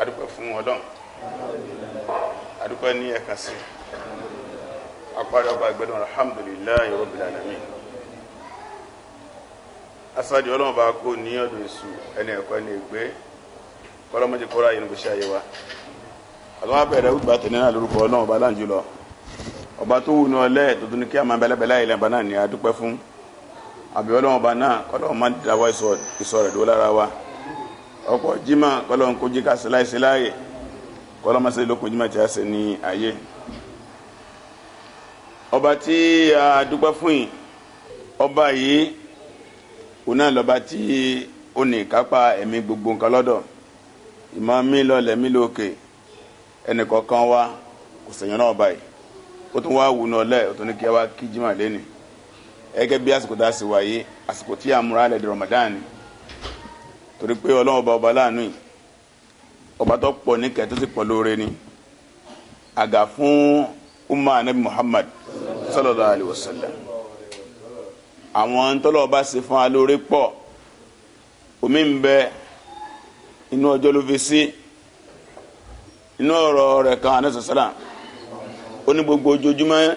adúpẹ́ fún ọlọ́run adúpẹ́ ní ẹ̀kan sí apárí ọba ìgbẹ́dùn alhamdulillahi rabbil alamin asájú ọlọ́run bá kó ní ẹni ẹ̀kọ́ ẹni ègbé kọ́lọ́mọ́jì kọ́ra yìí ní kò wa abẹ́rẹ́ tẹ̀lé náà lórúkọ ọlọ́run ọba láǹjú lọ ọba tó wù ní ọlẹ́ tuntun ní kí a máa bẹ́lẹ́bẹ́lẹ́ ọba náà àbí ọlọ́run ọba náà wa. ọkọ̀ jimá kọlọ́n kó jíká síláìsí láàyè kọlọ́n máa ṣe lókun jimá tí a ṣe ní ayé ọba tí a dúpẹ́ fún yìí ọba yìí òun náà lọ́ba tí ó ní kápá ẹ̀mí gbogbo nǹkan lọ́dọ̀ ìmọ̀ mi lọ́lẹ̀ mi lókè ẹnì kọ̀ọ̀kan wa kò sẹ̀yìn náà ọba yìí ó tún wá wù náà lẹ̀ ó tún ní kí a wá kí jimá lẹ́nu ẹgẹ́ bí àsìkò tá a sì wáyé àsìkò tí a múra lẹ̀ di Ramadan torí pé ọba ọba láàánú yìí ọba tó pọ̀ níkẹ́ tó sì pọ̀ lóore ni àgà fún anabi muhammad sallallahu alayhi wa sallam àwọn tọ́lọ̀ ọba sì fún wa lóore omi ń bẹ inú ọjọ́ ló fi sí inú ọ̀rọ̀ rẹ̀ kan anabi sàlá ó ní gbogbo ojoojúmọ́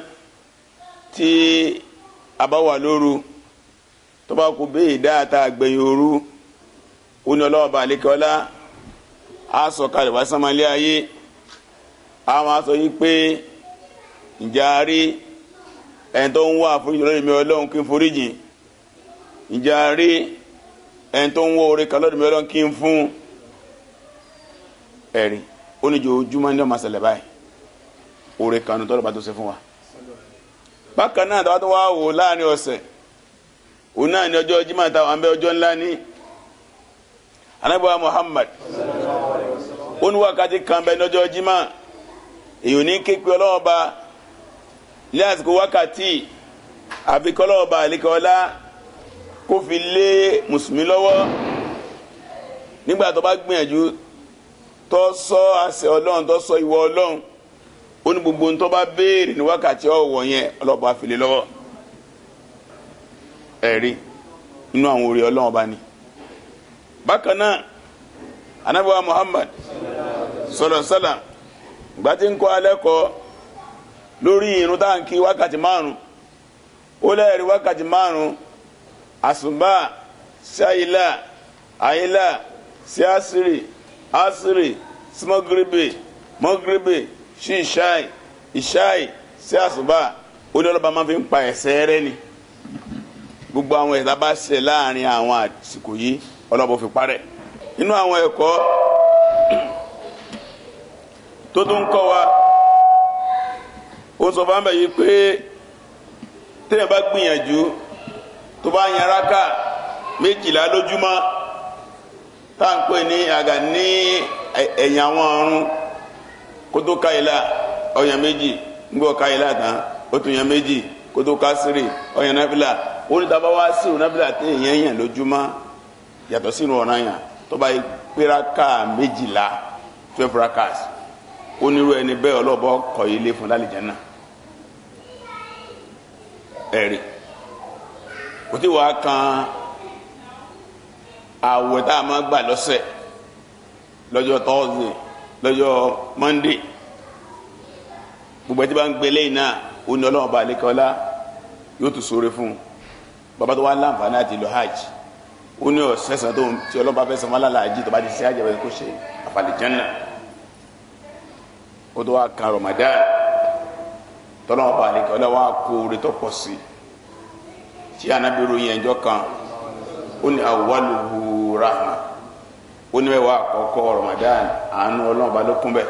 tí a bá wà ó ní ọlọ́wọ́ bá àlékè ọlá á sọ kalẹ̀ wá sámálé ayé á máa sọ yín pé ǹjẹ́ a rí ẹni tó ń wá àforíjì lọ́dọ̀ mi ọlọ́run kí n foríjì ǹjẹ́ a rí ẹni tó ń wá orí kan lọ́dọ̀ mi ọlọ́run kí n fún ẹ̀rí ó ní ní ọmọ àṣẹlẹ̀ báyìí orí kan ní tọ́lọ́ba tó ṣe fún wa bákan náà tó wá wò láàrin ọ̀sẹ̀ òun náà ní ọjọ́ jimá táwọn abẹ́ ọjọ́ ńlá ní anabiwa muhammad ó ní wákàtí kan bẹ lọ́jọ́ jimá èyí ò ní képe ọlọ́ọ̀ba ní àsìkò wákàtí àfikọ́ ọlọ́ọ̀ba àlekọ́lá kó fi lé mùsùlùmí lọ́wọ́ nígbà tó bá gbìyànjú tó sọ àṣẹ ọlọ́run tó sọ ìwọ ọlọ́run ó ní gbogbo tó bá béèrè ní wákàtí ọ̀wọ̀ yẹn ọlọ́ọ̀ba fi lé lọ́wọ́ inú àwọn orí ọlọ́run ọba ni. bákan náà anabiwa muhammad sọlọsọlá gbàtí ń kọ́ alẹ́ kọ́ lórí irun táǹkì wákàtí márùn ó lẹ́ẹ̀rí wákàtí márùn àsùnbà ṣáìlà àyílà ṣíásírì ásírì símọ́gíríbì mọ́gíríbì ṣíṣáì ìṣáì sí àsùnbà ó ní ọlọ́ba máa fi ń pa ni gbogbo àwọn ẹ̀dá bá ṣe láàrin àwọn àsìkò ọlọ́bọ̀ fi parẹ́ nínú àwọn ẹ̀kọ́ tó tún kọ́ wa ó sọ fún abẹ́ yìí pé téèyàn bá gbìyànjú tó bá yan araka méjìlá lójúmọ́ tá à ń pè ní àgà ní ẹ̀yìn àwọn ọ̀run kótó káyìlá ọ̀yàn méjì ńgbọ́ káyìlá tán ó tún yan méjì kótó ọ̀yàn náfìlà ó ní tá a bá wá yàtọ̀ sínú ọ̀ràn yàn tó bá yẹ péraka méjìlá twelve rakas onírú ẹni bẹ́ẹ̀ ọlọ́bọ kọ́ ilé fún lálejànà ẹ̀rí kò tí wàá kan àwẹ̀ tá a máa gbà lọ́sẹ̀ lọ́jọ́ tọ́sídẹ̀ẹ́ lọ́jọ́ mọ́ndé gbogbo ẹtí bá ń gbélé iná ó ní ọlọ́run bá yóò tún sóore fún un bàbá tó wá láǹfààní àti lọ ó ní ọ̀sẹ̀sán tó tí ọlọ́ba fẹ́ san wàhálà àjí tó bá ti ṣe àjẹbẹ́ kó ṣe àfàlìjánná ó tó wá kan Ramadan tọ́lọ́wọ́ bá àlekẹ́ ọlọ́wọ́ kó orí tó pọ̀ sí tí anábìrú yẹn jọ kan ó ní awwaluhu rahma ó ní mẹ́wàá àkọ́kọ́ Ramadan àánú ọlọ́ba ló kún bẹ́ẹ̀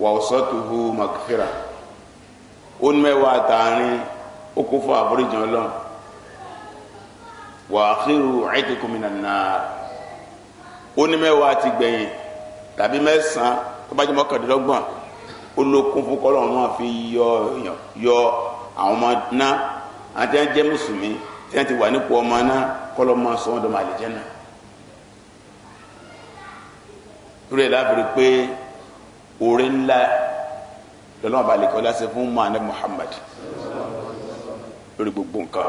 wà ọ̀sọ́tuhu magfira ó ní mẹ́wàá àtàrin ó kún fún àforíjì Ọlọ́run wà á kéru ẹ̀ẹ́dẹ́kùn mi nàná ó ní mẹ́wàá ti gbẹ̀yìn tàbí mẹ́sàn-án tó bá jẹ́ mọ́kàndínlọ́gbọ̀n ó lókun fún kọ́lọ́ náà fi yọ yọ àwọn ọmọ náà àti ẹ̀ ń jẹ́ mùsùlùmí tí wọ́n ti wà nípò ọmọ náà kọ́lọ́ máa sọ wọ́n dọ́mọ àlejò náà torí lábìrì pé oore ńlá lọ́lọ́mọba lè lásìkò fún mọ́ àná Muhammad lórí gbogbo nǹkan.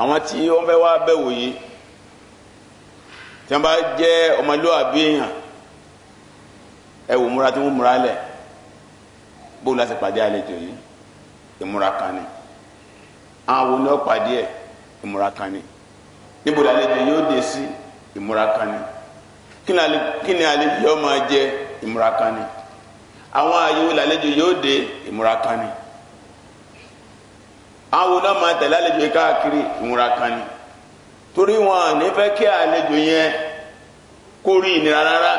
àwọn tí wọ́n fẹ́ wá bẹ̀wò yìí tí wọ́n bá jẹ́ ọmọlúwàbí èèyàn ẹ wò múra tí wọ́n múra lẹ bó láti pàdé àlejò yìí ìmúra kan ni àwọn oní ọ̀pàdé ẹ̀ ìmúra kan ni níbo yóò dé sí ìmúra kan ni kí ni àlejò yóò máa jẹ ìmúra kan ni àwọn wo àwọn náà máa tẹ̀lé àlejò yìí káàkiri ìmúra kan ni torí wọn ní fẹ́ kí àlejò yẹn kó rí ìnira rárá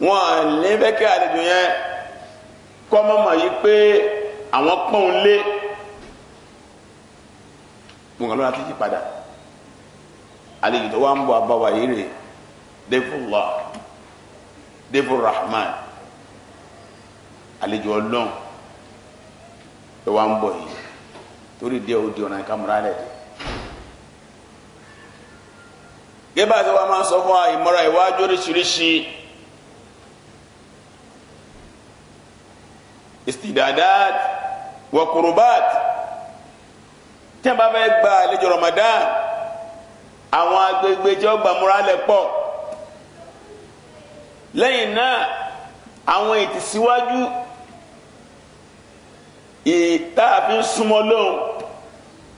wọn ní fẹ́ kí àlejò yẹn kọ́ mọ́mọ́ yìí pé àwọn pọ́n lé gbọ̀ngàn lọ́la títí padà àlejò tó ń torí díẹ̀ ó di ọ̀nà ìkàmúra rẹ̀ dé. gẹ́gẹ́ àti wàá máa sọ fún wa ìmọ̀ra ìwájú oríṣiríṣi istidadat wa kurubat tí a bá fẹ́ gba àlejò Ramadan àwọn agbègbè tí ó gbàmúra lẹ̀ pọ̀ lẹ́yìn náà àwọn ètò ìtààfin súnmọ́ lóhùn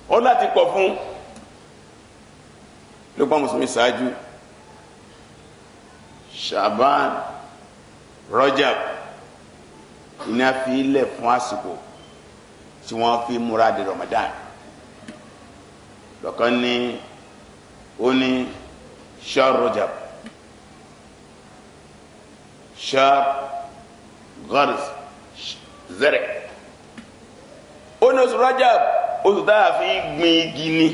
ó láti pọ̀ fún ló pa mùsùlùmí ṣáájú shaban rajab iná fi ilẹ̀ fún àsìkò tí wọ́n fi múra de ramadan lọ́kàn ní ó ní shahr rajab shahr gharz zere. ó ní oṣù Rajab oṣù tá a fi gbin igi ni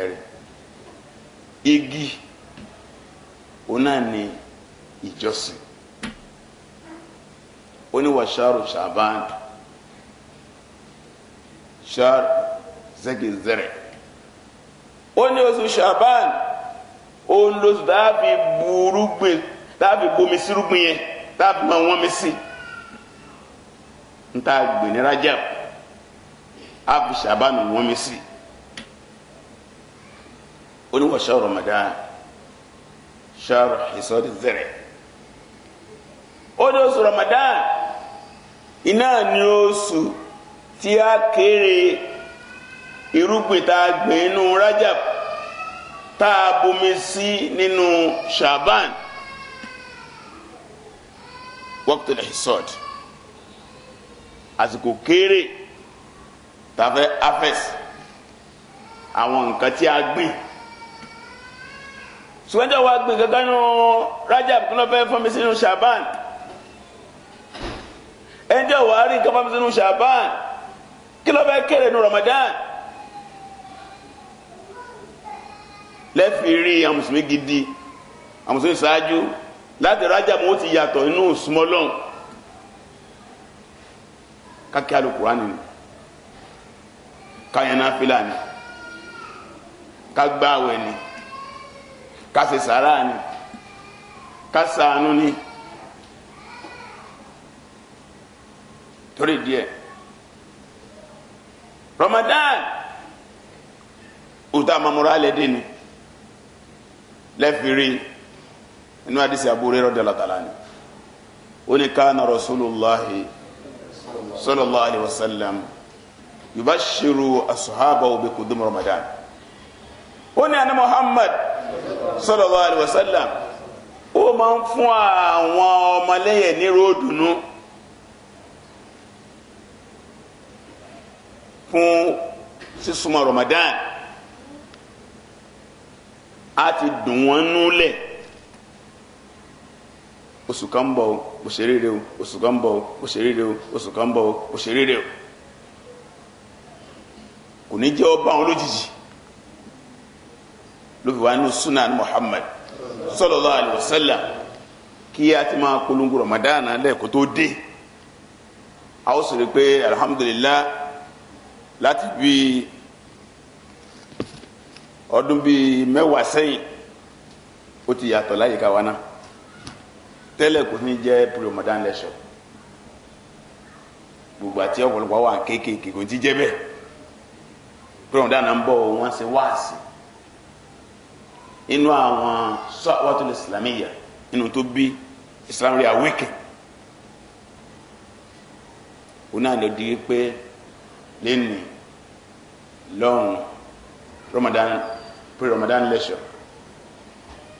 ẹ̀rẹ̀ igi o náà ni ìjọsìn ó ní wàṣàrò ṣàbán ṣàr zẹkìzẹrẹ ó ní oṣù ṣàbán òun lóṣù a fi burúgbìn tá a fi bomi sírúgbìn yẹn tá fi mọ mi n ta gbè ní rajab abusaba nu wọmi si oníwọ̀ṣọ́ ramadan ṣọ́ọ̀rọ̀ ìsọ́dí zẹ̀rẹ̀ ó ní oṣù ramadan iná ni oṣù tí a kéré irúgbìn tá a gbìn inú rajab tá a bomi sí nínú shaban waqtul hisad àsìkò kéré tàfẹ́ afẹ́s àwọn nǹkan tí a gbìn sùgbọ́n wa gbìn kankan nù Rajab kí ló fẹ́ fún mi sínú Shaban ẹnjẹ́ wa rí nǹkan fún mi sínú Shaban kí ló fẹ́ kéré nù Ramadan lẹ́fì rí àwọn mùsùlùmí gidi àwọn mùsùlùmí ṣáájú láti Rajab mo ti yàtọ̀ nínú sumọ́lọ́n kákẹ́ alukurani ni káyẹn náfìlà ni kágbáwẹ̀ ni kásẹ̀ ni kásàánú ni torí díẹ̀ Ramadan uta mamuru alẹ́ ni lẹ́fìrí inú adisi Abu Hurairah radiyallahu ta'ala ni ó na Rasulullahi sallallahu alayhi wa sallam yubashiru asuhabawo bi kudum ramadan ó ní àná muhammad sallallahu alayhi wa sallam ó máa ń fún àwọn ọmọlẹ́yìn ní ròdùnú fún ramadan a ti dùn wọ́n núlẹ̀ oṣù kan bọ̀ o ṣe rere o oṣù kan bọ̀ o ṣe oṣù kan bọ̀ o ṣe kò ní jẹ́ ọba àwọn lójijì ló fi wá nínú sunan Muhammad sallallahu alaihi wasallam kí a ti máa polongo Ramadan lẹ́ẹ̀kọ́ tó dé a ó sì pé alhamdulillah láti bí ọdún bíi mẹ́wàá sẹ́yìn ó ti yàtọ̀ láyìíká wa náà tẹ́lẹ̀ kò ní jẹ́ pre-modern lecture gbogbo àti ọ̀pọ̀lọpọ̀ wà kéékèèké kò ti jẹ́ bẹ́ẹ̀ pre-modern ń bọ̀ wọ́n ṣe wáàsí inú àwọn sọ́wọ́tò islamiyya inú tó bí islam rí awékè òun náà ló di pé lẹ́nu lọ́hùn Ramadan pre-Ramadan lecture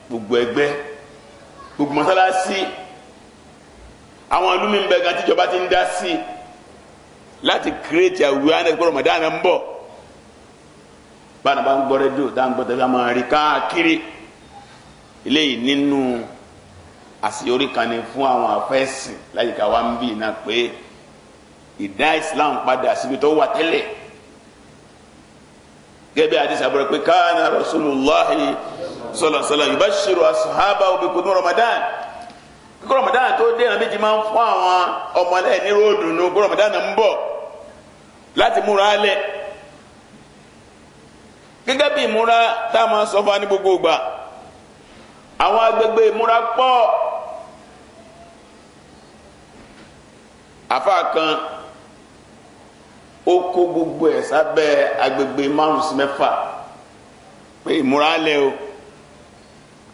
gbogbo ẹgbẹ́ gbogbo mọ́sálásí àwọn ìlú mi ń bẹ gan tíjọba ti ń dá sí i láti create awareness pé Ramadan ń bọ̀ báwọn bá ń gbọ́ rédíò tá à ń gbọ́ tẹ́lẹ̀ máa rí káàkiri eléyìí nínú àṣeyọrí kan ní fún àwọn afẹ́sìn láyìíká wa ń bì náà pé ìdá Islam padà síbi tó wà tẹ́lẹ̀ gẹ́gẹ́ bí àdìsá bọ̀rọ̀ pé káà ní Rasulullahi. sọlọ sọlọ yubashiru asahaba obìnkùnú ramadan kíkọ́ ramadan tó dé ẹ̀rọ méjì máa ń fún àwọn ọmọ ẹ̀ ní ròdùn ní ogún ramadan ń bọ̀ láti múra lẹ̀ gẹ́gẹ́ bí ìmúra tá a máa sọ fún wa ní gbogbo ìgbà àwọn agbègbè ìmúra pọ̀ afa ó kó gbogbo ẹ̀ sábẹ́ agbègbè márùn-ún sí mẹ́fà pé ìmúra lẹ̀ o.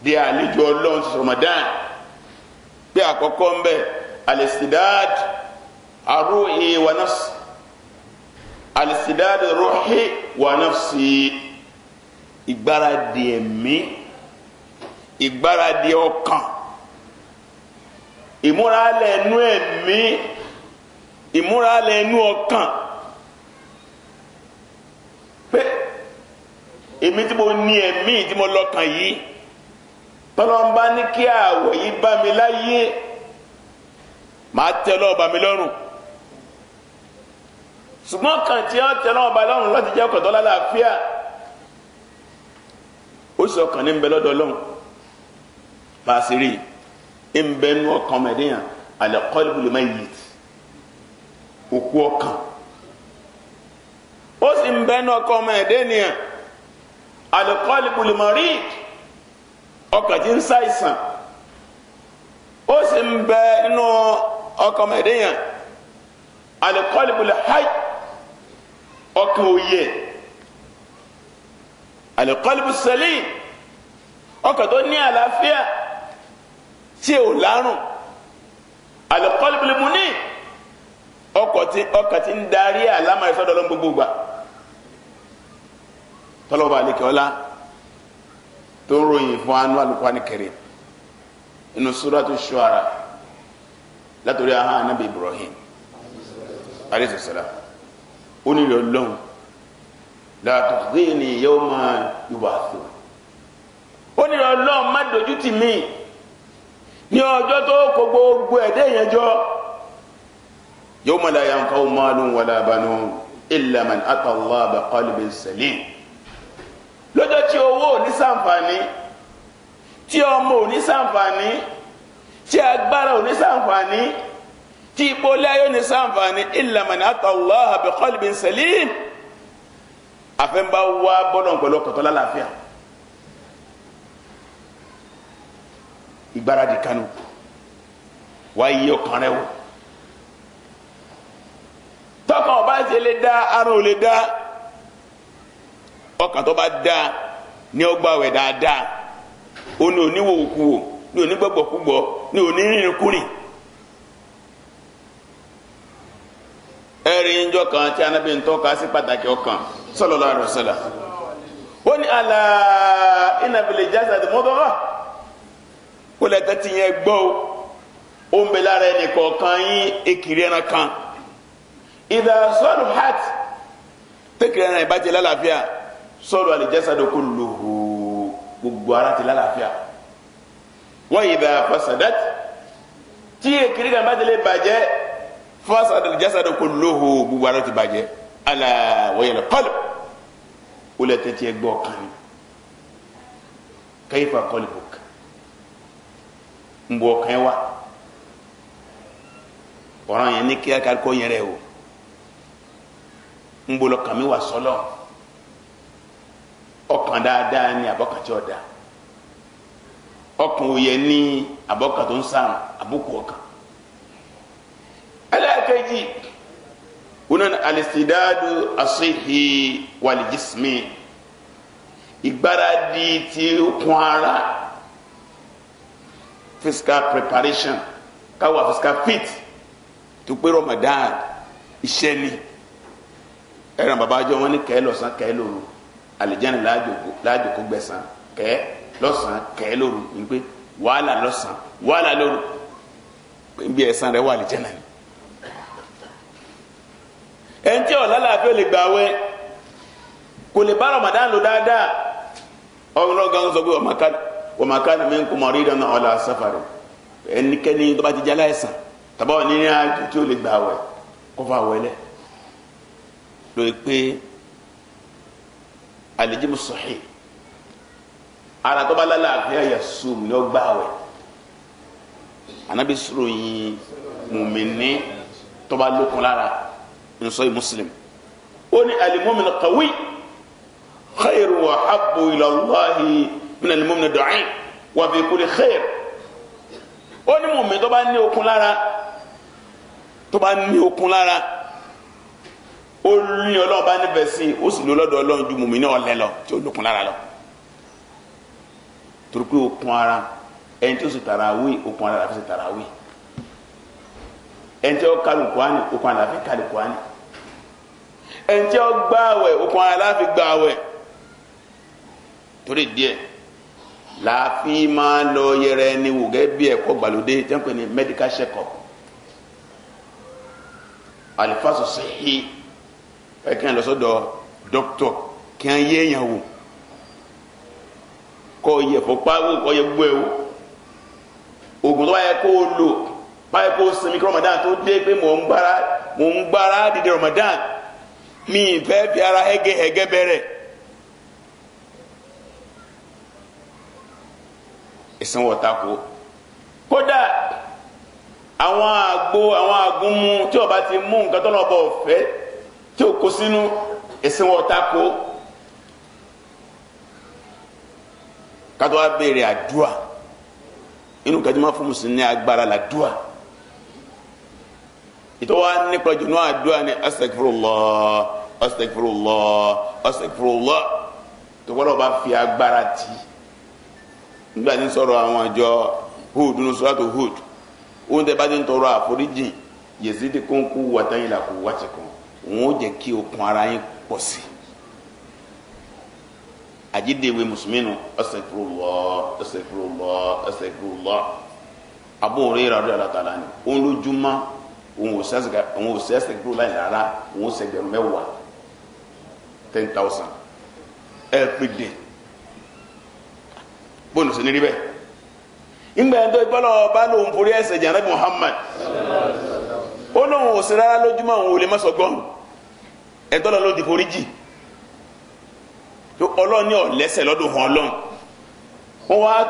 di àlejò ọlọ́run sí Ramadan pé àkọ́kọ́ ń bẹ alisidad aruhi wa nafsi alisidad ruhi wa nafsi ìgbáradì ẹ̀mí ìgbáradì ọkàn ìmúralẹ̀ ẹnu ẹ̀mí ìmúralẹ̀ ẹnu ọkàn pé èmi tí mo ní ẹ̀mí tí mo lọ́kàn yìí tọ́lọ́mbá ní kí àwọ̀ yìí bá mi láyé màá tẹ lọ́ọ̀bà mi lọ́rùn ṣùgbọ́n kàn tí wọ́n tẹ lọ́ọ̀bà lọ́rùn láti jẹ́ ọkọ̀ dọ́là láàfíà ó sì ọkàn ní ń bẹ lọ́dọ̀ lọ́hùn bá a sì rí i ń bẹ nú ọkàn mẹ́dínyàn àlẹ́ kọ́lùbù lè má yìí òkú ọkàn ó sì ń bẹ nú ọkàn mẹ́dínyàn àlẹ́ kọ́lùbù lè má rí i ọkàn ti ń ṣàìsàn ó sì ń bẹ nínú ọkàn ọmọ ẹ̀dẹ́ yẹn alikọ́lìbùlẹ̀ háì ọkàn òye alikọ́lìbù sẹ́lẹ̀ ọkàn tó ní àlàáfíà tí ò lárùn alikọ́lìbùlẹ̀ múni ọkàn ti ń darí àlámà ìsọdọ̀lọ́ gbogbo gbà tọ́lọ́ba àlekè ọlá tó ń ròyìn fún anú alukwani kẹrẹ inú suratu shuara látòrí ahọ́n anábì ibrahim alayhi salam ó nílò lọ́hùn la tukhzini yawma yub'athun ó nílò lọ́hùn má dojú tì mí ní ọjọ́ tó kó gbogbo ẹ̀dẹ́ yẹn jọ yawma la yanfa'u malun wala banun illa man ata Allah bi qalbin salim tí owó ò ní sàǹfààní tí ọmọ ò ní sàǹfààní tí agbára ò ní sàǹfààní tí ipò láyé ò ní sàǹfààní illa man ata Allaha bi qalbin salim àfẹnbá wá bọ́lọ̀ pẹ̀lú ọkọ̀tọ́ lálàáfíà ìgbáradì kanu wá iye ọkàn rẹ wò tọkàn ọba ṣe lè dá arún lè dá ọkàn tó bá dá ní ọgbà wẹ̀ dáadáa ó ní oníwòwòkuwò ní onígbọ̀gbọ̀kúgbọ̀ ní onírìnkúrìn ẹ̀rí ńjọ kan tí anábì ń tọ́ka sí pàtàkì ọkàn sallallahu alaihi wasallam ó ní àlà ìnàbìlẹ̀ jásàdì mọ́tọ́rọ́ kó lẹ́tẹ̀ tí yẹn gbọ́ ó ń bẹ lára ẹnì yín ekiri ẹran kan ìdá sọ́ọ̀lù hàt tẹ́kìrì ẹran ìbàjẹ́ lálàáfíà sọ̀rọ̀ àlìjásádò kò lò hó gbogbo ara ti lálàáfíà wọ́n yìí bá fasadat tí èkìrí kan bá délé bàjẹ́ fasadà àlìjásádò kò lò hó gbogbo ara ti bàjẹ́ ala wọ́yẹ̀lẹ̀ kọ́lù ó lè tẹ́tí ẹ gbọ́ kan kẹ́yìfà kọ́lù bùk ń bọ̀ kan wa ọ̀ràn yẹn ní kíákà kọ́ yẹn o ń bọ̀ lọ kàmí wà sọ́lọ́ọ̀ ọkàn dáadáa ni àbọ̀kàn tí ó dáa ọkàn òye ní àbọ̀kàn tó ń sàrùn àbùkù ọkàn ẹlẹ́ẹ̀kejì onan alisidadu asihi walijismi ìgbáradì tí ó kún ara physical preparation káwa physical fit tó pé Ramadan iṣẹ́ ni ẹran bàbá àjọ wọn ní kẹ́ lọ́sàn kẹ́ lóru àlìjáni láàjòkó gbẹ̀sán kẹ́ lọ́sàn kẹ́ lóru ní pé wàhálà lọ́sàn wàhálà lóru bí ẹ̀san rẹ̀ wà àlìjáni ni. ẹni tí ọ̀la làbẹ́ lè gbà wẹ́ kò lè bá Ramadan lò dáadáa ọ̀rọ̀ gan sọ pé ọmọ kan mi ń kó mọ̀rí ìdáná ọ̀la sáfàrọ̀ ẹnikẹ́ni tó bá ti jẹ́ aláìsàn tàbá wọn ní ní àjò lóye pé alijibu sọhi ara tó bá lálàáfíà yà sùn ní ọgbà wẹ anabi sọ̀rọ̀ yìí mùmíní tó bá lókun lára nsọ muslim ó ní alimomin kawi khayr wa habbu ilallahi min alimomin dọọẹ wa fi kuli khayr ó ní mùmíní tó okun lára tó bá okun lára ó ní ọlọ́run bá nífẹ̀ẹ́ sí i ó sì lọ lọ́dọ̀ ọlọ́run ju mùmí náà lẹ́ lọ tí ó lókun lára lọ. torí pé okun ara ẹni tó sì tàràwí okun ara láfi sì tàràwí ẹni tí ó kálù kwani okun ara láfi kálù kwani ẹni tí ó gbààwẹ̀ okun ara láfi gbààwẹ̀ torí díẹ̀ láàfin máa lọ yẹrẹ ẹni wò gẹ́gẹ́ bí ẹ̀kọ́ gbàlódé tẹ́ ń ní medical check up alifaso sehi. ẹ kàn lọ sọ́dọ̀ dókítọ̀ kí á yé èèyàn wò kọ yẹ fọpá wò kọ yẹ gbogbo ẹ wò oògùn tó bá yẹ kó o lò bá yẹ kó o sinmi kí Ramadan tó dé pé mò ń gbára mò ń gbára Ramadan mi fẹ́ fi ara ẹgẹ ẹgẹ bẹ̀rẹ̀. ìsanwó kódà àwọn àgbo àwọn àgúnmu tí o bá ti tí o kó sínú ẹ̀sìn wọn ta kó kátó wa béèrè àdúà inú kẹjọba fún mùsùlùmí ní agbára làdúà ìtọ́wá nípa àdúà ní tó bá fi agbára nígbà tí sọ̀rọ̀ àwọn àjọ nínú bá ti ń tọrọ àforíjì ti kún kú kú wàtí wọn ó jẹ́ kí okun ara yín pọ̀ sí àjídéwé mùsùlùmí nu astaghfirullah astaghfirullah astaghfirullah Abu Hurairah ni òun lójúmọ́ òun ò sẹ́ astaghfirullah yìí rárá òun ó sẹ́gbẹ̀rún mẹ́wàá ten thousand every day bóòlù sí ní rí bẹ́ẹ̀ ìgbà yẹn tó forí jẹ́ Muhammad. ó lóun ò sí rárá lójúmọ́ òun ò lè mọ́sọ̀ gbọ́n ẹ̀tọ́ lọ́n ló di forí jì ọlọ́run ní ọ̀lẹ́sẹ̀ lọ́dún hàn ọlọ́run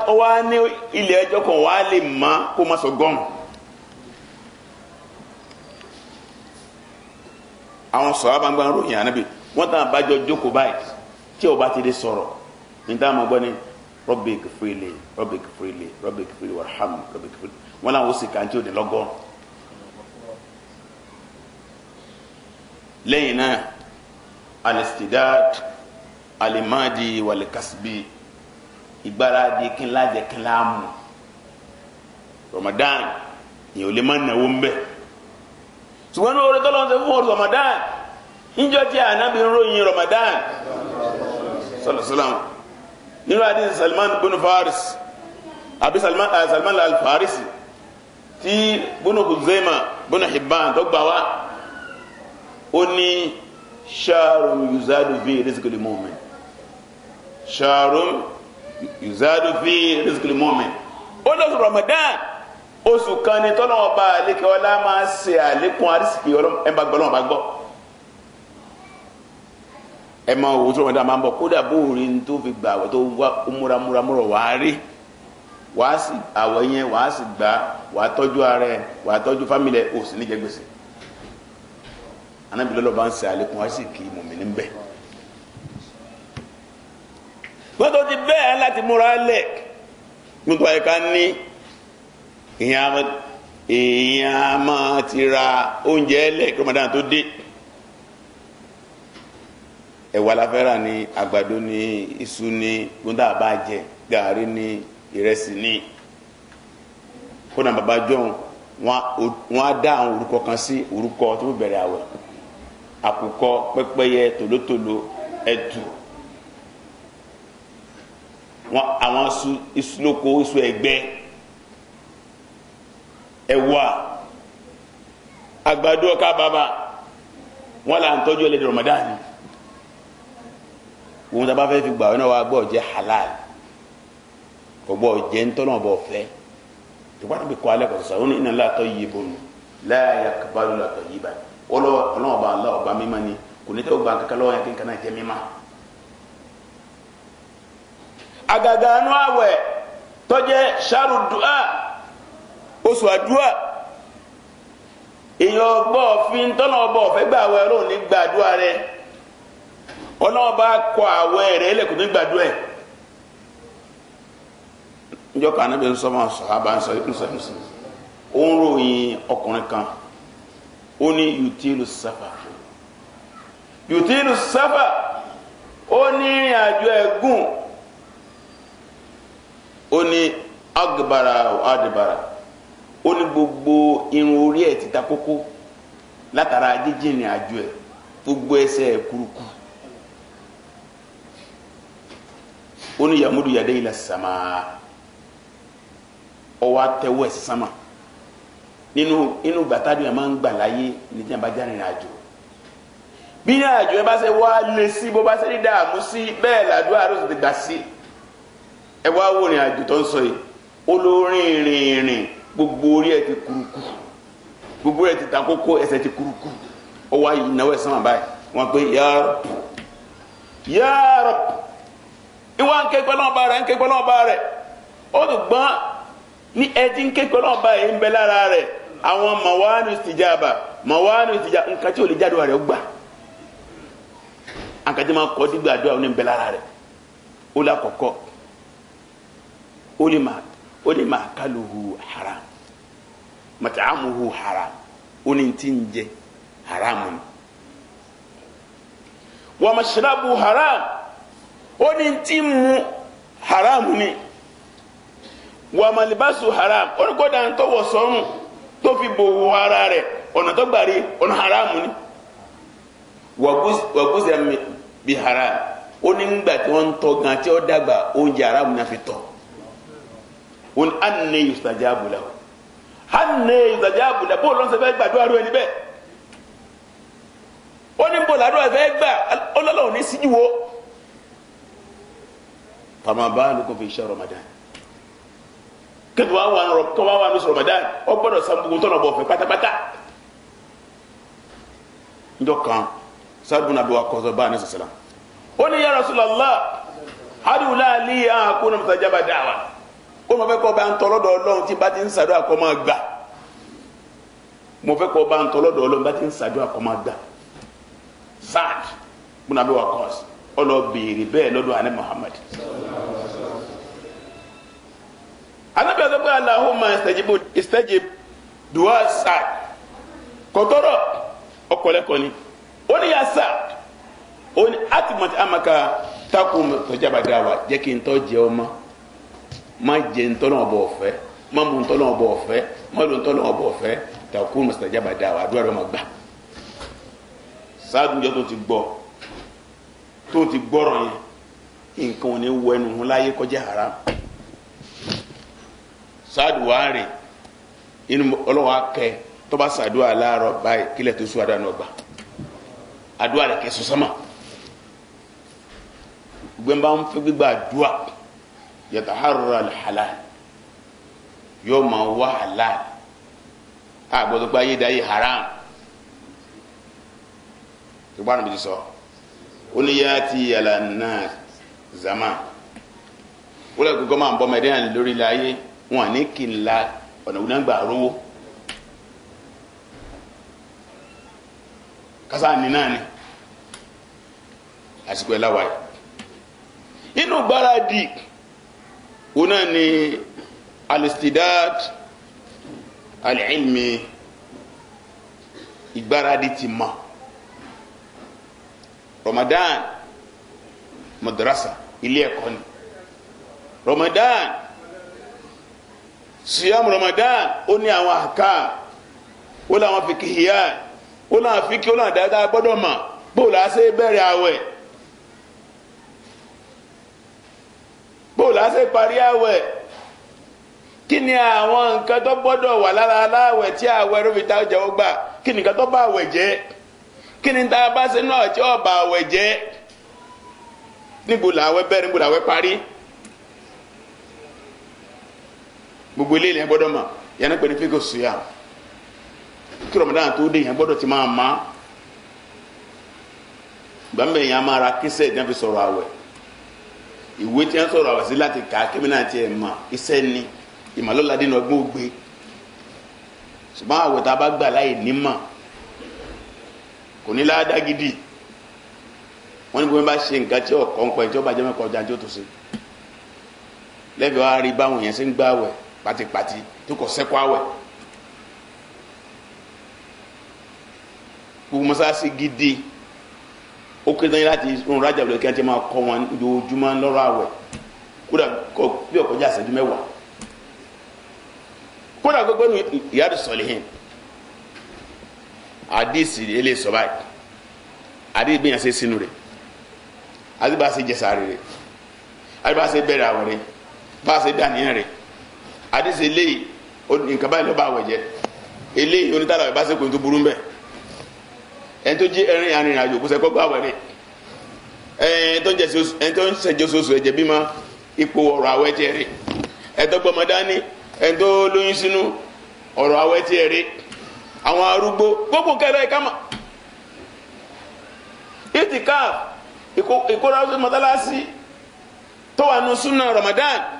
ó wá ní ilé ẹjọ́ kan wá lè má kó mọ́sọ̀ gbọ́n. àwọn sọ̀rọ̀ abangba ń ròyìn ànábì wọ́n tàn àbájọ jókòó báyìí tí ọba ti lè sọ̀rọ̀ ní táwọn ọmọ gbọ́ ni rọ́bìkì fúrilé rọ́bìkì fúrilé rọ́bìkì fúrilé wàhámù rọ́bìkì fúrilé wọ́n láwọn ó sì kàńtì òdìlọ́gọ́rùn lẹ́yìn náà alistidad alimadi walikasibi ìgbáradì kínlájẹ kínláàmù Ramadan yìí ò lè má nàwó ń bẹ ṣùgbọ́n ní orí tọ́lọ́ ń sọ fún Ramadan níjọ́ tí ànábì ń ròyìn Ramadan sọlọsọlọm nínú àdínsì Salman bin Faris àbí Salman eh, al-Farisi tí bin Huzaima bin Hibban tó gbà wá. ó ní yuzadu fi rizqil mu'min ṣaarum yuzadu fi rizqil mu'min ó Ramadan oṣù kan ní tọ́lọ́wọ́ bá àlékè máa ṣe àlékún àrísìkì ẹ̀mbà gbọ́ lọ́wọ́ bá gbọ́ ẹ máa wò ó tó Ramadan máa ń bọ̀ kódà ní tó fi gbà tó wá múramúramúrọ̀ wàá rí wàá sì àwọ̀ yẹn wàá anabi lọ́lọ́ bá ń ṣe àlékún àṣìkí mùmíní ń bẹ̀. gbọ́dọ̀ ti bẹ́ẹ̀ láti múra lẹ̀ gbogbo àyíká ní èèyàn máa ti ra oúnjẹ lẹ̀ kí Ramadan tó dé ẹ̀wà la fẹ́ rà ní àgbàdo ní iṣu ní gbọ́dọ̀ àbájẹ gàrí ní ìrẹsì ní kódà bàbá jọ̀hún wọ́n á dá àwọn orúkọ kan sí orúkọ tó bẹ̀rẹ̀ àwẹ̀ àkùkọ pẹ́pẹ́yẹ tòlótòló ẹtù wọn àwọn isuloko isu ẹgbẹ ẹwà àgbàdo ọkà bàbà wọn là ń tọ́jú ẹlẹ́dẹ̀ Ramadan wọn tá a bá fẹ́ fi gbà wọn náà wà gbọ́ jẹ́ halal gbọ́ jẹ́ ńtọ́nà bọ̀ fẹ́ ìwádìí kọ́ alẹ́ kọ́ sọ̀rọ̀ ní iná látọ̀ yìí bọ̀ láyà kábàlù látọ̀ yìí báyìí. ọlọ́run ọba ọba mímọ́ ni kò ní tẹ́ ọgbà kankan lọ́wọ́ yẹn kí náà jẹ́ mímọ́. àgàgà anú àwẹ̀ tọ́jẹ́ ṣáàrù oṣù àdúà èèyàn ọgbọ òfin tọ́nà ọba ọ̀fẹ́ gbà àwẹ̀ ọlọ́run ní gbàdúrà kọ awa rẹ̀ ẹlẹ́kùn ní gbàdúrà ẹ̀ òun ó ní yùtílù sáfà yùtílù sáfà ó ní ìrìn àjò ẹ̀gùn ó ní agbára adìbára ó ní gbogbo irun orí ẹ̀ ti ta kókó látara jíjìnrìn àjò ẹ̀ gbogbo ẹsẹ̀ ẹ̀ kúrukú ó ní yamudu yadé ilẹ̀ sàmà ọwọ́ atẹ́wọ́ ẹ̀ sísánmà. nínú nínú gbàtàdùn yẹn máa ń gbà láyé ní tí yẹn bá já rìnrìn àjò bí àjò yẹn bá ṣe wá lé sí bó bá ṣe ní dààmú sí bẹ́ẹ̀ làdúrà ló ti gbogbo orí ẹ ti gbogbo ẹ ti ta kókó ẹsẹ ti kuruku. ó wá yìí ẹsẹ wọn báyìí wọn pe yàrá yàrá ìwà ń ké ń ké ó ti gbọ́n ní ń ké àwọn mawanu tijaba mawanu tijaba nǹkan tí o lè jáde wa rẹ gbà àǹkàtí máa kọ́ dígbà àdúrà ó ní bẹ́ẹ̀ lára ó la kọ̀kọ́ ó lè máa ó lè máa kálùhù haram màtàmùhù haram ó ní tí ń jẹ haram ni wa mashrabu haram ó ní tí ń mu haram ni wa malibasu haram ó ní kó dantọ́ wọ̀ sọ́run tó fi bò wọ ara rẹ̀ ọ̀nà tó gbà rí ọ̀nà haramu ni wàgúsẹ̀ mi bi haram ó ní gbà tí wọ́n ń tọ́ gan tí ó dàgbà oúnjẹ haramu náà fi tọ́ ó ní ànínú yustajabu lahu ànínú yustajabu lahu bóòlù ọ̀sẹ̀ fẹ́ gbàdúrà rẹ̀ níbẹ̀ ó ní bóòlù àdúrà fẹ́ gbà ọlọ́lọ́ ò ní síjú wo fama bá lóko fi ṣe Ramadan tẹ́tù wá wà nùrọ̀ tọ́ wá wà nùsọ̀rọ̀ Ramadan ọ gbọ́dọ̀ san gbogbo tọ́nà bọ̀ fẹ́ pátápátá. njọ kan sadun abu akọsọ bá a ní sasana ó ní ya Rasulullah hadiwula ali yàn kó na musajaba dà wa ó ma fẹ́ kọ́ bá ń tọrọ dọ̀ Ọlọ́run tí bá ti ń sàdó àkọ́ máa gbà mo fẹ́ kọ́ bá ń tọrọ dọ̀ Ọlọ́run ti ń sàdó àkọ́ máa gbà Saad bin Abi Waqqas ó lọ béèrè bẹ́ẹ̀ lọ́dọ̀ àní Muhammad anabi ọsọ pé alahuma ìsẹjibu ìsẹjib duwa sa kọtọrọ ọkọlẹkọni ó ní yasa ó ní atimọti amaka takun tọjabada wa jẹ kí n tọ jẹ ma má jẹ n tọnà ọbọ ọfẹ má mu n tọnà ọbọ ọfẹ má lo n tọnà ọbọ ọfẹ takun mọsitajabada wa àdúrà gbà sáàdùnjọ tó ti gbọ́ tó ti gbọ́rọ̀ yẹn nǹkan ò ní wọ ńláyé kọjá haram sáàdù wà rè inú ọlọ́wọ́ akẹ tọ́ba sàdúrà láàárọ̀ báyìí kílẹ̀ tó sùn àdánù ọgbà àdúrà rẹ̀ kẹsùn sánmà gbẹ̀mbà ń fẹ́ gbígbà àdúrà yàtọ̀ àrùrà halal yóò máa wá halal àgbọ̀dọ̀ gba ayé dáyé haram tó bá nàbìjì sọ ó ní yáa ti yàrá náà zama wọ́n lè gbogbo máa bọ́ mẹ́rin lórí ilé ayé wọn ní kí n la ọ̀nà òun náà gbà rówó kásáàní náà ni àsìkò ẹ̀ láwàá yìí inú gbáradì òun náà ni alistidad alilmi ìgbáradì ti mọ̀ Ramadan madrasa ilé ẹ̀kọ́ ni Ramadan. siyam ramadan ó ní àwọn àká ó láwọn fi kìhìyà ó láwọn fi kí ó láwọn dáadáa gbọ́dọ̀ mà bóòlù àṣẹ bẹ̀rẹ̀ àwẹ̀ bóòlù àṣẹ parí àwẹ̀ kí ni àwọn nǹkan tó gbọ́dọ̀ wà lára aláwẹ̀ tí àwẹ̀ rúbìtà jẹ́wọ́ gbà kí ni nǹkan tó bá àwẹ̀ jẹ́ kí ni tá a bá ṣe náà tí ó gbogbo eléyìí yẹn gbọ́dọ̀ yẹn pè ní fíkò suya kí Ramadan tó dé yẹn gbọ́dọ̀ ti ma gbàmbẹ yẹn a máa ra kíṣẹ ìdí náà fi sọ̀rọ̀ àwẹ̀ ìwé tí wọ́n sọ̀rọ̀ àwẹ̀ láti kà kí mìíràn tiẹ̀ mọ̀ iṣẹ́ ni ìmọ̀lọ́ladé náà gbọ́n gbé tá a bá gbà láì nímọ̀ kò ní láàdá gidi wọ́n ní bí wọ́n bá ṣe nǹkan tí ọ̀kọ́ ń pẹ́ tí ó bàjẹ́ mẹ́kọ̀ọ́ jáde ó tó ṣe báwọn yẹn ṣe ń patipati tó kọ sẹ́kọ̀ awẹ̀ gbogbo mọ́sálásí gidi ó kéré tán láti ohun rájà lókè àti máa kọ́ wọn lójoojúmọ́ lọ́rọ̀ awẹ̀ kódà kọ bí ọ̀kọ́jà àṣẹjú mẹ́wàá kódà gbogbo nu ìyáàdù sọ̀lẹ́hìn àdìsí ilé sọ̀báì àdìsí gbìyànjú sínú rẹ̀ àdìsí bá a ṣe jẹ̀sà rẹ̀ àdìsí bá a ṣe bẹ̀rẹ̀ àwọ̀ rẹ̀ bá a ṣe dàníyàn rẹ̀. àdìsí eléyìí nǹkan báyìí ló bá àwẹ̀ jẹ eléyìí onítàlà ẹ̀ bá burú mbẹ ẹni tó jí ẹrin arìnrìn àjò kùsẹ̀ kọ́gbà àwẹ̀ ni ẹni tó ń sẹ̀jẹ̀ oṣooṣù ẹ̀jẹ̀ bímọ ipò ọ̀rọ̀ rí ẹni tó ẹni tó lóyún sínú rí àwọn arúgbó gbogbo Ramadan.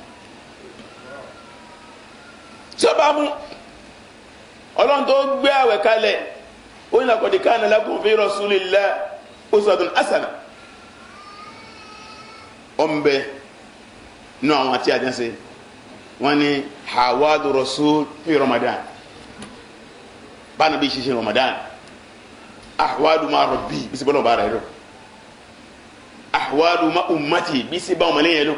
tí ó bá mú ọlọ́run tó gbé àwẹ̀ kalẹ̀ ó ní laqad kana lakum fi rasulillahi uswatun hasana ọ̀nbẹ nínú àwọn àti àjẹsẹ wọn ni hawadu rasul fi ramadan báwọn bí ṣiṣẹ ramadan ahwadu ma rabbi bisi bọ́lá baara rẹ lọ ahwadu ma ummati bísí bá ọmọlẹ́yìn lọ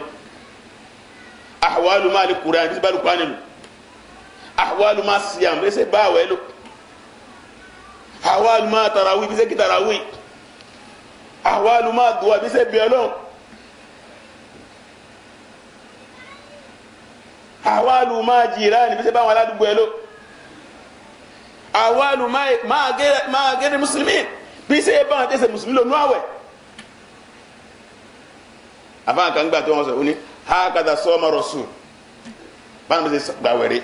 ahwadu ma alikura bísí bá alikura lọ. ahwalu ma siyam bɛ se baa wɛlo ahwalu ma tarawi bɛ se ki tarawi ahwalu ma duwa bɛ se biɛlɔn ahwalu ma jirani bɛ se baa wala dugbɛlo ahwalu ma ma gɛrɛ ma gɛrɛ musulmi bɛ se baa tɛ se musulmi lɔ nuwawɛ a kan gba to wọn sɔrɔ o ni hakada sɔma rɔsu bana bɛ se gbawɛre.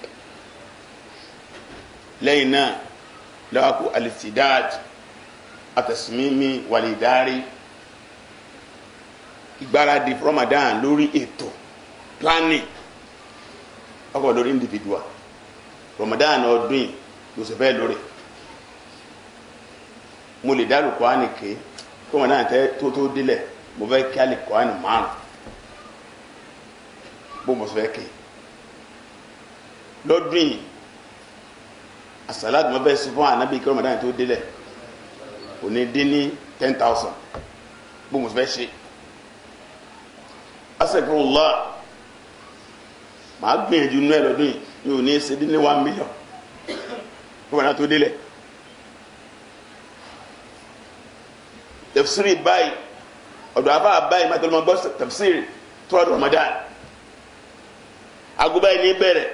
lẹ́yìn náà lọ́wọ́kú alistidad àtẹ̀símímí wàlídàárí ìgbáradì Ramadan lórí ètò planning ọkọ̀ lórí individual Ramadan ọdún yìí ló sì bẹ́ẹ̀ lórí mo lè dárò kọ́ánì ké kó wọn náà tó tó délẹ̀ mo fẹ́ kí á lè kọ́ánì márùn bó mo fẹ́ ké lọ́dún yìí asalaad mo bẹ sifọn anabi kí ramadan tó délẹ̀ òní dín ní ten thousand bó mo fẹ́ ṣe asèkúrúlá màá gbìyànjú nú ẹ lọ́dún yìí mi ò ní ṣe dín ní one million kí ramadan tó délẹ̀ tafsiri báyìí ọ̀dọ̀ afa báyìí má tẹlifọ gbọ́ tafsiri tọọdọ ramadan agogo báyìí ní bẹ̀rẹ̀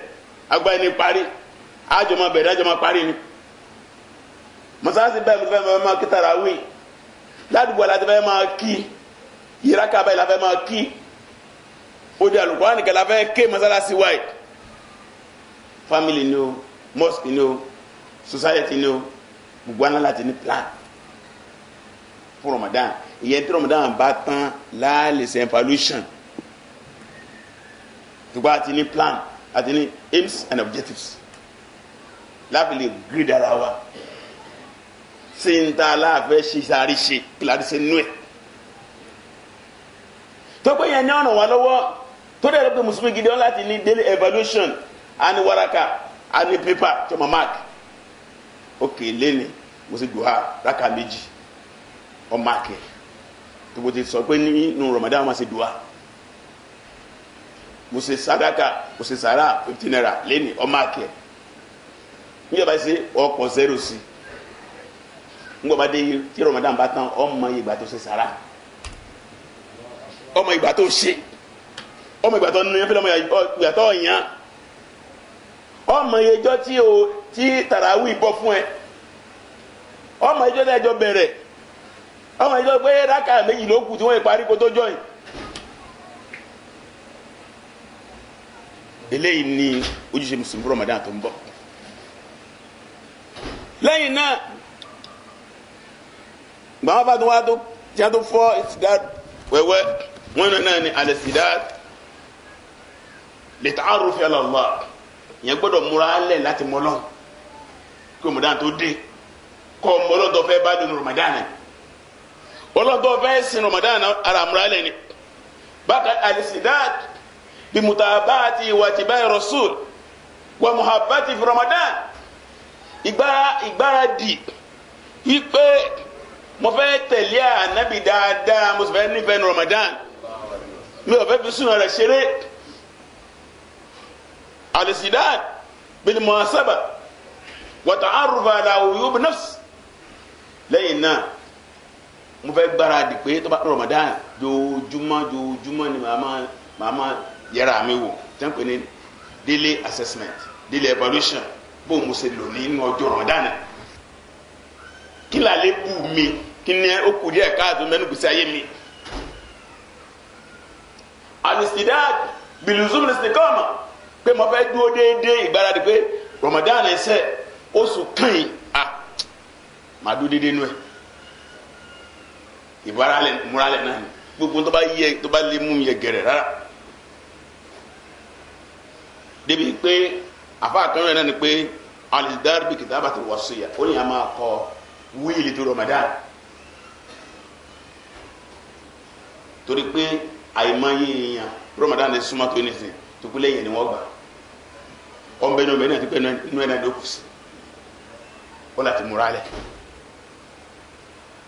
agogo báyìí ní parí àjọmọ bẹ̀rẹ̀ àjọmọ parí ni mọ́sálásí báyìí mo fẹ́ máa kí tàràwí ládùúgbò àlàtí fẹ́ máa kí yìrákà báyìí la fẹ́ máa kí odi alùpùpù ànìkẹ́ la fẹ́ ké mọ́sálásí wáyé family ni o mosque ni o society ni o gbogbo àná láti ní plan fún Ramadan ìyẹn tí Ramadan bá tán láàlẹ̀ sẹ́ńpalúṣàn tó bá ti ní plan àti ní aims and objectives. láfi lè wa ṣé ń ta aláàfẹ́ ṣe ṣe ṣe nú tó pé yẹn ní ọ̀nà wa lọ́wọ́ tó dẹ̀ lọ́pẹ́ mùsùlùmí gidi wọn láti ní daily evolution waraka àní paper tó mọ̀ mark ok lẹ́ni mo sì dùn rákà méjì ọ̀ mark ẹ̀ tó bó ti Ramadan wọn ṣe mo ṣe sadaka mo naira lẹ́ni ọ̀ mark ẹ̀ ní yọba ṣe ọ̀pọ̀ zero sí n gbọ́dọ̀ dé tí Ramadan bá tán ọmọ se tó ṣe sàrà ọmọ ìgbà tó ṣe ọmọ ìgbà tó ní ẹnfẹlẹ ọmọ ìgbà tó yàn ọmọ ìjọ tí o tí tarawih bọ fún ẹ ọmọ ìjọ tí ẹjọ bẹ̀rẹ̀ ọmọ ìjọ pé rákà méjì ló kù tí wọn parí kó tó jọyìn. eléyìí ni ojúṣe mùsùlùmí Ramadan tó ń bọ̀ lẹ́yìn náà gbàmọ́ bá tún wá tó tí a tó fọ́ ìsìdá wẹ́wẹ́ wọn náà ni alẹ́ sìdá lè ta àrùn fi àlọ́ lọ́wọ́ ìyẹn gbọ́dọ̀ múra lẹ̀ láti mọ́lọ́ kí Ramadan tó dé kọ́ mọ́lọ́dọ̀ fẹ́ bá dùn Ramadan náà ọlọ́dọ̀ fẹ́ sin Ramadan náà ara múra lẹ̀ ni bákan alẹ́ sìdá bí mutabaati wàtí báyìí rasul wà muhabbati fi Ramadan ìgbára ìgbáradì wípé mo fẹ́ tẹ̀lé ànábì dáadáa mo sì fẹ́ nífẹ̀ẹ́ ní Ramadan mi ò fẹ́ fi súnà rẹ̀ ṣeré alisidan bil muhasaba wa ta'arrufa ala uyub nafs lẹ́yìn náà mo fẹ́ gbáradì pé tó bá Ramadan jojúmọ́ jojúmọ́ ni màá máa màá máa yẹra mi wò tẹ́ ń daily assessment daily evaluation. bóun mo ṣe lò nínú ọjọ́ rọ̀dánà kí la lè bù mí kí ni ó kù díẹ̀ káàtó mẹ́nu ayé mi. alisidad biluzum nistikama pé mo fẹ́ dúró déédéé ìgbáradì pé Ramadan ẹsẹ̀ oṣù kan a dúró déédéé ẹ̀ ìbáralẹ̀ múralẹ̀ náà ni gbogbo tó bá yẹ tó bá mú yẹ gẹ̀rẹ̀ rárá débi pé àfa náà ni pé. alidari bi kitabati wasiya ó ní a máa kọ wíìlì tó Ramadan torí pé àìmọye èèyàn Ramadan ní súnmọ́ tó nìsín tó kú lẹ́yìn ni wọ́n gbà ọ̀nbẹ ní ọ̀nbẹ náà ti pẹ́ inú ẹ̀ náà ló kù sí ó láti múra lẹ̀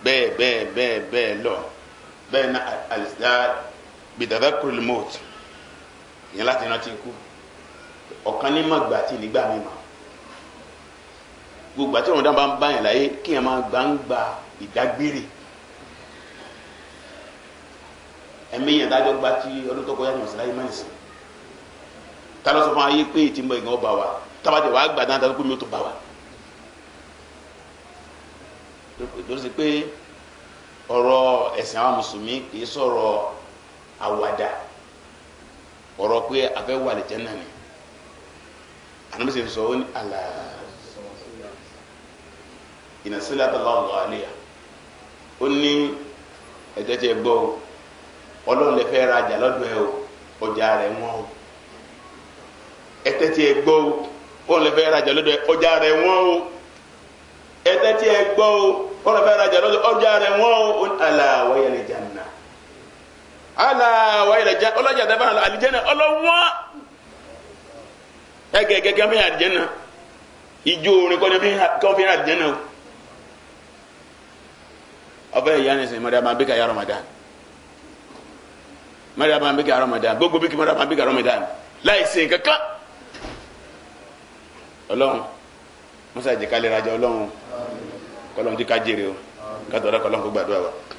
bẹ́ẹ̀ bẹ́ẹ̀ bẹ́ẹ̀ bẹ́ẹ̀ lọ bẹ́ẹ̀ na alizá bidada kulimot yẹn láti rántí kú ọ̀kan ní mọ̀gbà tí nígbà mímọ́ gbogbo àti ọ̀run dábàá ń bá yàn láyé kí yàn máa gbangba ìdágbére ẹ̀mí yàn dájọ́ gba ti ọdún tó kọjá yàn sí láyé mẹ́rin sí ta ló sọ fún ayé pé ètí ń ìgbà wa tábàtì wàá gbà dáadáa pé mi ò tó bá wa lórí sí pé ìnàsílẹ̀ àtàlọ́wọ́ àlẹ́yà ó ní ẹ̀tẹ́tẹ́ gbọ́ o ọlọ́run lè fẹ́ rajà lọ́dọ̀ ẹ o ọjà rẹ̀ wọ́n o ẹ̀tẹ́tẹ́ gbọ́ o ọlọ́run lè fẹ́ rajà lọ́dọ̀ ẹ ọjà rẹ̀ wọ́n o ẹ̀tẹ́tẹ́ gbọ́ o ọlọ́run lè fẹ́ rajà lọ́dọ̀ ọjà rẹ̀ wọ́n o aláwọ̀ yẹn lè jàǹnà aláwọ̀ yẹn lè jàǹnà ọlọ́jà dábà àlìjẹ́nà ọlọ́wọ́n ẹ̀gẹ̀gẹ̀ kí wọ́n fi hàn àlìjẹ́nà ìjó orin kọ́ ni wọ́n fi hàn àlìjẹ́nà o ọfẹ yìí yanni sìn mọdàmà bí ya Ramadan mọdàmà bí ka ya Ramadan gbogbo bí kí mọdàmà bí Ramadan láì sìn kankan Ọlọ́run musa jẹ kálẹ̀ rajà Ọlọ́run kọlọ́run jẹ ká jèrè o kátó ọ̀dà kọlọ́run kó gbàdúrà wa.